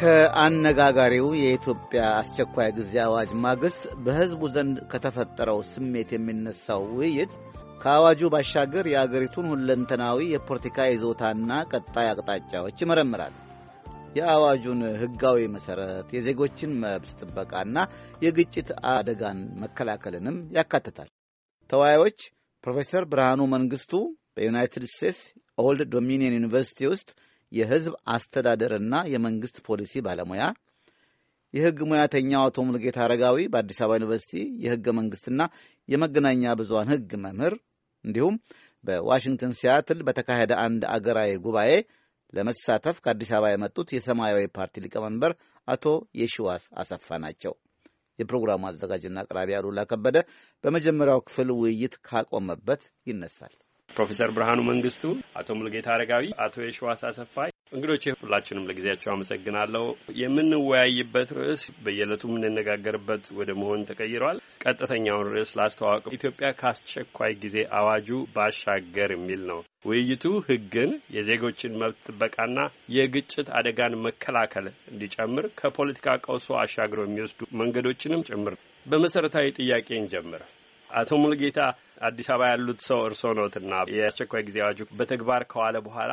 ከአነጋጋሪው የኢትዮጵያ አስቸኳይ ጊዜ አዋጅ ማግስት በሕዝቡ ዘንድ ከተፈጠረው ስሜት የሚነሳው ውይይት ከአዋጁ ባሻገር የአገሪቱን ሁለንተናዊ የፖለቲካ ይዞታና ቀጣይ አቅጣጫዎች ይመረምራል። የአዋጁን ሕጋዊ መሠረት፣ የዜጎችን መብት ጥበቃና የግጭት አደጋን መከላከልንም ያካትታል። ተወያዮች ፕሮፌሰር ብርሃኑ መንግሥቱ በዩናይትድ ስቴትስ ኦልድ ዶሚኒየን ዩኒቨርሲቲ ውስጥ የህዝብ አስተዳደርና የመንግስት ፖሊሲ ባለሙያ፣ የህግ ሙያተኛው አቶ ሙልጌታ አረጋዊ በአዲስ አበባ ዩኒቨርሲቲ የህገ መንግስትና የመገናኛ ብዙሃን ህግ መምህር እንዲሁም በዋሽንግተን ሲያትል በተካሄደ አንድ አገራዊ ጉባኤ ለመሳተፍ ከአዲስ አበባ የመጡት የሰማያዊ ፓርቲ ሊቀመንበር አቶ የሽዋስ አሰፋ ናቸው። የፕሮግራሙ አዘጋጅና አቅራቢ አሉላ ከበደ በመጀመሪያው ክፍል ውይይት ካቆመበት ይነሳል። ፕሮፌሰር ብርሃኑ መንግስቱ፣ አቶ ሙልጌታ አረጋዊ፣ አቶ የሸዋስ አሰፋይ እንግዶቼ ሁላችንም ለጊዜያቸው አመሰግናለሁ። የምንወያይበት ርዕስ በየዕለቱ የምንነጋገርበት ወደ መሆን ተቀይሯል። ቀጥተኛውን ርዕስ ላስተዋወቅ፣ ኢትዮጵያ ከአስቸኳይ ጊዜ አዋጁ ባሻገር የሚል ነው ውይይቱ። ሕግን የዜጎችን መብት ጥበቃና የግጭት አደጋን መከላከል እንዲጨምር ከፖለቲካ ቀውሶ አሻግረው የሚወስዱ መንገዶችንም ጭምር በመሰረታዊ ጥያቄ እንጀምር። አቶ ሙልጌታ አዲስ አበባ ያሉት ሰው እርስዎ ነትና የአስቸኳይ ጊዜ አዋጁ በተግባር ከዋለ በኋላ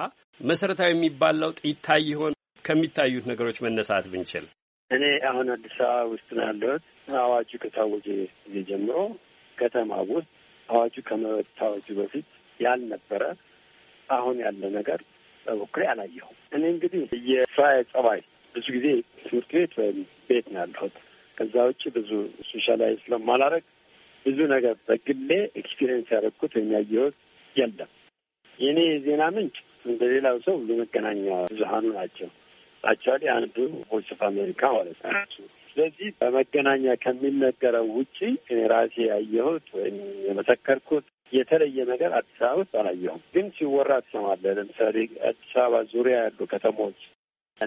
መሰረታዊ የሚባል ለውጥ ይታይ ይሆን? ከሚታዩት ነገሮች መነሳት ብንችል። እኔ አሁን አዲስ አበባ ውስጥ ነው ያለሁት። አዋጁ ከታወጀ ጊዜ ጀምሮ ከተማ ውስጥ አዋጁ ከመታወጁ በፊት ያልነበረ አሁን ያለ ነገር በበኩሌ አላየሁም። እኔ እንግዲህ የስራዬ ጸባይ ብዙ ጊዜ ትምህርት ቤት ወይም ቤት ነው ያለሁት። ከዛ ውጭ ብዙ ሶሻላይዝ ስለማላረግ ብዙ ነገር በግሌ ኤክስፒሪየንስ ያደረግኩት የሚያየወት የለም። የኔ የዜና ምንጭ እንደ ሌላው ሰው ለመገናኛ ብዙሀኑ ናቸው። አቻሌ አንዱ ቮይስ ኦፍ አሜሪካ ማለት ነው። ስለዚህ በመገናኛ ከሚነገረው ውጪ እኔ ራሴ ያየሁት ወይም የመሰከርኩት የተለየ ነገር አዲስ አበባ ውስጥ አላየሁም። ግን ሲወራ ትሰማለህ። ለምሳሌ አዲስ አበባ ዙሪያ ያሉ ከተሞች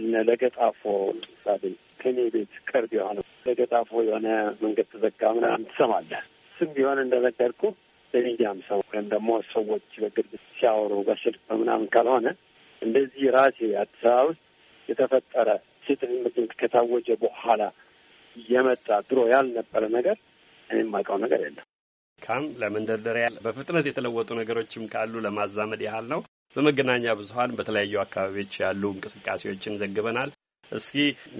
እነ ለገጣፎ ለምሳሌ ከኔ ቤት ቅርብ የሆነ ለገጣፎ የሆነ መንገድ ተዘጋ ምናምን ትሰማለህ። ስም ቢሆን እንደነገርኩ በሚዲያም ሰው ወይም ደግሞ ሰዎች በግል ሲያወሩ በስልክ በምናምን ካልሆነ እንደዚህ ራሴ አዲስ አበባ ውስጥ የተፈጠረ ሴት ከታወጀ በኋላ የመጣ ድሮ ያልነበረ ነገር እኔ የማውቀው ነገር የለም። ካም ለመንደርደሪያ በፍጥነት የተለወጡ ነገሮችም ካሉ ለማዛመድ ያህል ነው። በመገናኛ ብዙኃን በተለያዩ አካባቢዎች ያሉ እንቅስቃሴዎችን ዘግበናል። እስኪ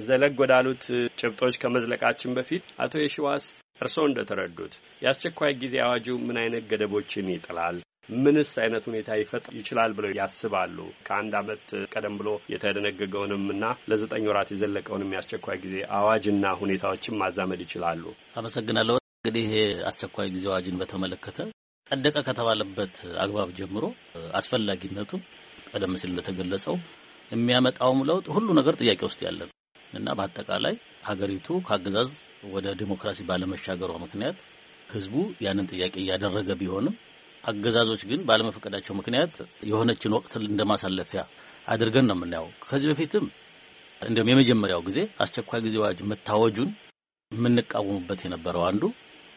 ዘለግ ወዳሉት ጭብጦች ከመዝለቃችን በፊት አቶ የሽዋስ እርስዎ እንደተረዱት የአስቸኳይ ጊዜ አዋጁ ምን አይነት ገደቦችን ይጥላል? ምንስ አይነት ሁኔታ ይፈጥ ይችላል ብለው ያስባሉ? ከአንድ አመት ቀደም ብሎ የተደነገገውንም እና ለዘጠኝ ወራት የዘለቀውንም የአስቸኳይ ጊዜ አዋጅና ሁኔታዎችን ማዛመድ ይችላሉ? አመሰግናለሁ። እንግዲህ አስቸኳይ ጊዜ አዋጅን በተመለከተ ጸደቀ ከተባለበት አግባብ ጀምሮ አስፈላጊነቱ ቀደም ሲል እንደተገለጸው የሚያመጣውም ለውጥ ሁሉ ነገር ጥያቄ ውስጥ ያለ ነው እና በአጠቃላይ ሀገሪቱ ከአገዛዝ ወደ ዲሞክራሲ ባለመሻገሯ ምክንያት ህዝቡ ያንን ጥያቄ እያደረገ ቢሆንም አገዛዞች ግን ባለመፈቀዳቸው ምክንያት የሆነችን ወቅት እንደማሳለፊያ አድርገን ነው የምናየው። ከዚህ በፊትም እንዲሁም የመጀመሪያው ጊዜ አስቸኳይ ጊዜ አዋጅ መታወጁን የምንቃወሙበት የነበረው አንዱ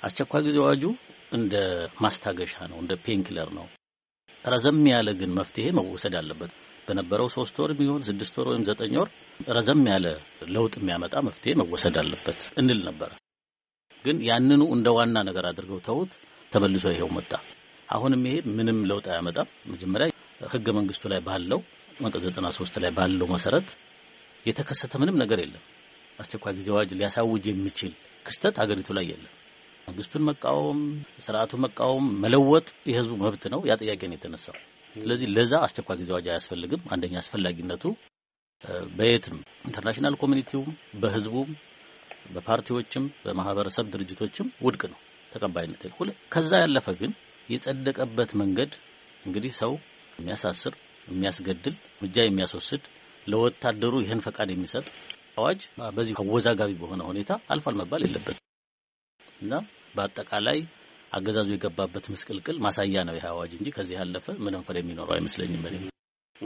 አስቸኳይ ጊዜ አዋጁ እንደ ማስታገሻ ነው፣ እንደ ፔንኪለር ነው። ረዘም ያለ ግን መፍትሄ መወሰድ አለበት። በነበረው ሶስት ወር የሚሆን ስድስት ወር ወይም ዘጠኝ ወር ረዘም ያለ ለውጥ የሚያመጣ መፍትሄ መወሰድ አለበት እንል ነበረ። ግን ያንኑ እንደ ዋና ነገር አድርገው ተውት። ተመልሶ ይኸው መጣ። አሁንም ይሄ ምንም ለውጥ አያመጣም። መጀመሪያ ህገ መንግስቱ ላይ ባለው አንቀጽ ሶስት ላይ ባለው መሰረት የተከሰተ ምንም ነገር የለም። አስቸኳይ ጊዜ አዋጅ ሊያሳውጅ የሚችል ክስተት አገሪቱ ላይ የለም። መንግስቱን መቃወም፣ ስርዓቱን መቃወም፣ መለወጥ የህዝቡ መብት ነው። ያ ጥያቄ ነው የተነሳው። ስለዚህ ለዛ አስቸኳይ ጊዜ አዋጅ አያስፈልግም። አንደኛ አስፈላጊነቱ በየትም ኢንተርናሽናል ኮሚኒቲውም በህዝቡም በፓርቲዎችም በማህበረሰብ ድርጅቶችም ውድቅ ነው ተቀባይነት ሁለ ከዛ ያለፈ ግን የጸደቀበት መንገድ እንግዲህ ሰው የሚያሳስር የሚያስገድል እርምጃ የሚያስወስድ ለወታደሩ ይህን ፈቃድ የሚሰጥ አዋጅ በዚህ አወዛጋቢ በሆነ ሁኔታ አልፏል መባል የለበትም እና በአጠቃላይ አገዛዙ የገባበት ምስቅልቅል ማሳያ ነው ይህ አዋጅ እንጂ ከዚህ ያለፈ ምንም ፍሬ የሚኖረው አይመስለኝም።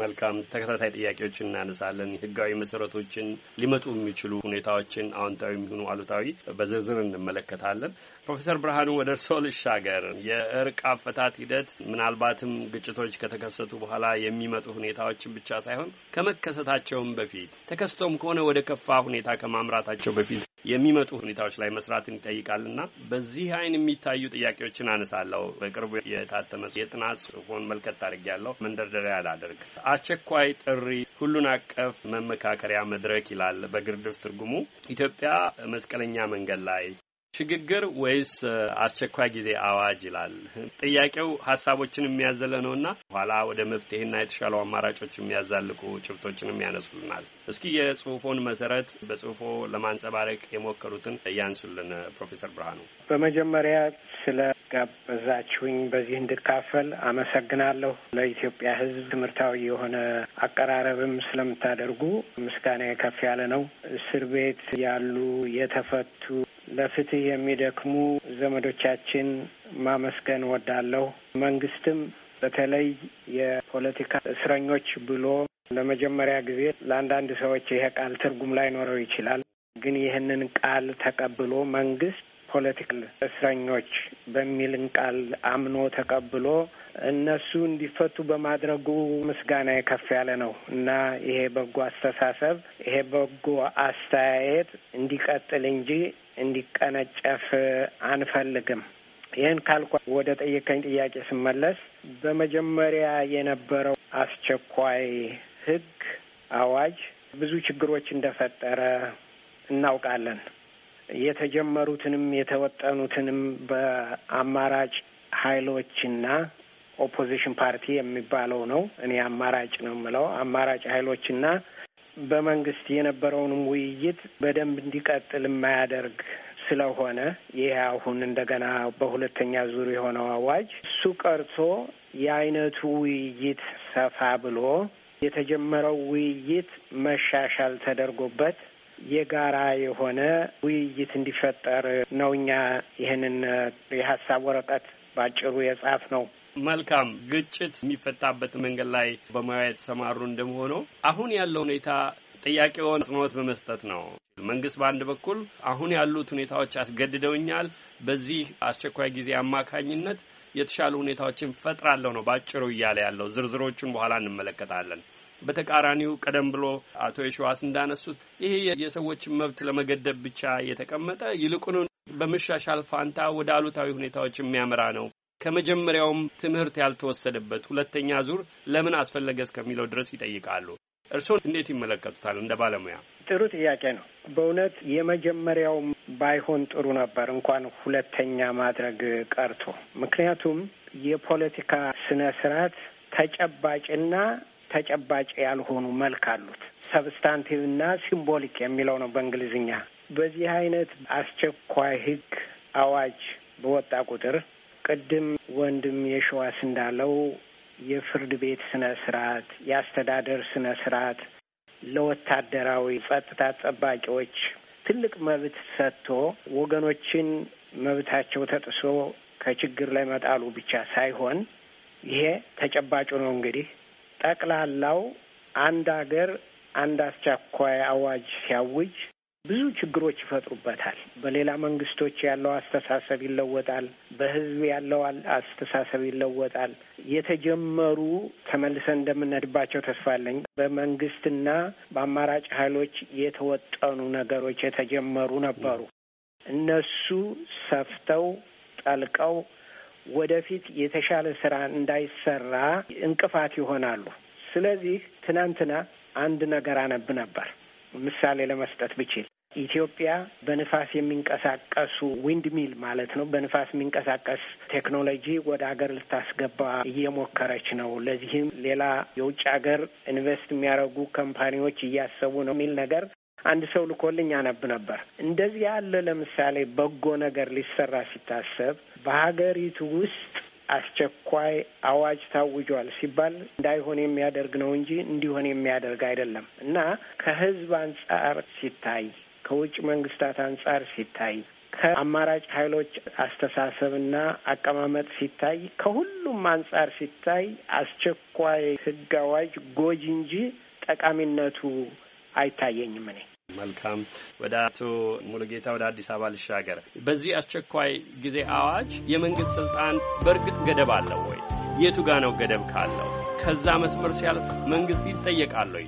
መልካም ተከታታይ ጥያቄዎችን እናነሳለን። ህጋዊ መሰረቶችን ሊመጡ የሚችሉ ሁኔታዎችን አዎንታዊ የሚሆኑ አሉታዊ በዝርዝር እንመለከታለን። ፕሮፌሰር ብርሃኑ ወደ እርስዎ ልሻገር። የእርቅ አፈታት ሂደት ምናልባትም ግጭቶች ከተከሰቱ በኋላ የሚመጡ ሁኔታዎችን ብቻ ሳይሆን ከመከሰታቸውም በፊት ተከስቶም ከሆነ ወደ ከፋ ሁኔታ ከማምራታቸው በፊት የሚመጡ ሁኔታዎች ላይ መስራትን ይጠይቃልና በዚህ አይን የሚታዩ ጥያቄዎችን አነሳለሁ። በቅርቡ የታተመ የጥናት ሆን መልከት ታደርጊያለሁ። መንደርደሪያ አላደርግ አስቸኳይ ጥሪ ሁሉን አቀፍ መመካከሪያ መድረክ ይላል በግርድፍ ትርጉሙ። ኢትዮጵያ መስቀለኛ መንገድ ላይ ሽግግር ወይስ አስቸኳይ ጊዜ አዋጅ ይላል ጥያቄው። ሀሳቦችን የሚያዘለ ነው እና ኋላ ወደ መፍትሄና የተሻለው አማራጮች የሚያዛልቁ ጭብቶችንም ያነሱልናል። እስኪ የጽሁፎን መሰረት በጽሁፎ ለማንጸባረቅ የሞከሩትን እያንሱልን ፕሮፌሰር ብርሃኑ። በመጀመሪያ ስለ ጋበዛችሁኝ በዚህ እንድካፈል አመሰግናለሁ። ለኢትዮጵያ ሕዝብ ትምህርታዊ የሆነ አቀራረብም ስለምታደርጉ ምስጋና ከፍ ያለ ነው። እስር ቤት ያሉ የተፈቱ ለፍትህ የሚደክሙ ዘመዶቻችን ማመስገን ወዳለሁ። መንግስትም በተለይ የፖለቲካ እስረኞች ብሎ ለመጀመሪያ ጊዜ ለአንዳንድ ሰዎች ይሄ ቃል ትርጉም ላይኖረው ይችላል። ግን ይህንን ቃል ተቀብሎ መንግስት ፖለቲካል እስረኞች በሚልን ቃል አምኖ ተቀብሎ እነሱ እንዲፈቱ በማድረጉ ምስጋና ከፍ ያለ ነው እና ይሄ በጎ አስተሳሰብ ይሄ በጎ አስተያየት እንዲቀጥል እንጂ እንዲቀነጨፍ አንፈልግም። ይህን ካልኳ ወደ ጠየቀኝ ጥያቄ ስመለስ በመጀመሪያ የነበረው አስቸኳይ ህግ አዋጅ ብዙ ችግሮች እንደፈጠረ እናውቃለን። የተጀመሩትንም የተወጠኑትንም በአማራጭ ሀይሎችና ኦፖዚሽን ፓርቲ የሚባለው ነው። እኔ አማራጭ ነው የምለው አማራጭ ሀይሎችና በመንግስት የነበረውንም ውይይት በደንብ እንዲቀጥል የማያደርግ ስለሆነ ይህ አሁን እንደገና በሁለተኛ ዙር የሆነው አዋጅ እሱ ቀርቶ የአይነቱ ውይይት ሰፋ ብሎ የተጀመረው ውይይት መሻሻል ተደርጎበት የጋራ የሆነ ውይይት እንዲፈጠር ነው። እኛ ይህንን የሀሳብ ወረቀት በአጭሩ የጻፍ ነው። መልካም ግጭት የሚፈታበት መንገድ ላይ በሙያ የተሰማሩ እንደመሆኑ አሁን ያለው ሁኔታ ጥያቄውን አጽንኦት በመስጠት ነው። መንግስት በአንድ በኩል አሁን ያሉት ሁኔታዎች አስገድደውኛል፣ በዚህ አስቸኳይ ጊዜ አማካኝነት የተሻሉ ሁኔታዎችን ፈጥራለሁ ነው ባጭሩ እያለ ያለው። ዝርዝሮቹን በኋላ እንመለከታለን። በተቃራኒው ቀደም ብሎ አቶ የሸዋስ እንዳነሱት ይሄ የሰዎችን መብት ለመገደብ ብቻ የተቀመጠ ይልቁኑ በመሻሻል ፋንታ ወደ አሉታዊ ሁኔታዎች የሚያመራ ነው። ከመጀመሪያውም ትምህርት ያልተወሰደበት ሁለተኛ ዙር ለምን አስፈለገ እስከሚለው ድረስ ይጠይቃሉ። እርስዎን እንዴት ይመለከቱታል? እንደ ባለሙያ ጥሩ ጥያቄ ነው። በእውነት የመጀመሪያውም ባይሆን ጥሩ ነበር፣ እንኳን ሁለተኛ ማድረግ ቀርቶ። ምክንያቱም የፖለቲካ ስነ ስርዓት ተጨባጭና ተጨባጭ ያልሆኑ መልክ አሉት። ሰብስታንቲቭ እና ሲምቦሊክ የሚለው ነው በእንግሊዝኛ። በዚህ አይነት አስቸኳይ ህግ አዋጅ በወጣ ቁጥር ቅድም ወንድም የሸዋስ እንዳለው የፍርድ ቤት ስነ ስርዓት፣ የአስተዳደር ስነ ስርዓት ለወታደራዊ ጸጥታ ጠባቂዎች ትልቅ መብት ሰጥቶ ወገኖችን መብታቸው ተጥሶ ከችግር ላይ መጣሉ ብቻ ሳይሆን ይሄ ተጨባጩ ነው እንግዲህ ጠቅላላው አንድ አገር አንድ አስቸኳይ አዋጅ ሲያውጅ ብዙ ችግሮች ይፈጥሩበታል። በሌላ መንግስቶች ያለው አስተሳሰብ ይለወጣል። በህዝብ ያለው አስተሳሰብ ይለወጣል። የተጀመሩ ተመልሰን እንደምነድባቸው ተስፋ አለኝ። በመንግስትና በአማራጭ ኃይሎች የተወጠኑ ነገሮች የተጀመሩ ነበሩ። እነሱ ሰፍተው ጠልቀው ወደፊት የተሻለ ስራ እንዳይሰራ እንቅፋት ይሆናሉ። ስለዚህ ትናንትና አንድ ነገር አነብ ነበር፣ ምሳሌ ለመስጠት ብችል ኢትዮጵያ በንፋስ የሚንቀሳቀሱ ዊንድ ሚል ማለት ነው። በንፋስ የሚንቀሳቀስ ቴክኖሎጂ ወደ ሀገር ልታስገባ እየሞከረች ነው። ለዚህም ሌላ የውጭ ሀገር ኢንቨስት የሚያደርጉ ካምፓኒዎች እያሰቡ ነው የሚል ነገር አንድ ሰው ልኮልኝ አነብ ነበር። እንደዚህ ያለ ለምሳሌ በጎ ነገር ሊሰራ ሲታሰብ በሀገሪቱ ውስጥ አስቸኳይ አዋጅ ታውጇል ሲባል እንዳይሆን የሚያደርግ ነው እንጂ እንዲሆን የሚያደርግ አይደለም እና ከህዝብ አንጻር ሲታይ፣ ከውጭ መንግስታት አንጻር ሲታይ፣ ከአማራጭ ኃይሎች አስተሳሰብና አቀማመጥ ሲታይ፣ ከሁሉም አንጻር ሲታይ አስቸኳይ ህግ አዋጅ ጎጂ እንጂ ጠቃሚነቱ አይታየኝም እኔ መልካም ወደ አቶ ሙሉጌታ ወደ አዲስ አበባ ልሻገር። በዚህ አስቸኳይ ጊዜ አዋጅ የመንግስት ስልጣን በእርግጥ ገደብ አለው ወይ? የቱ ጋ ነው ገደብ ካለው? ከዛ መስመር ሲያልፍ መንግስት ይጠየቃል ወይ?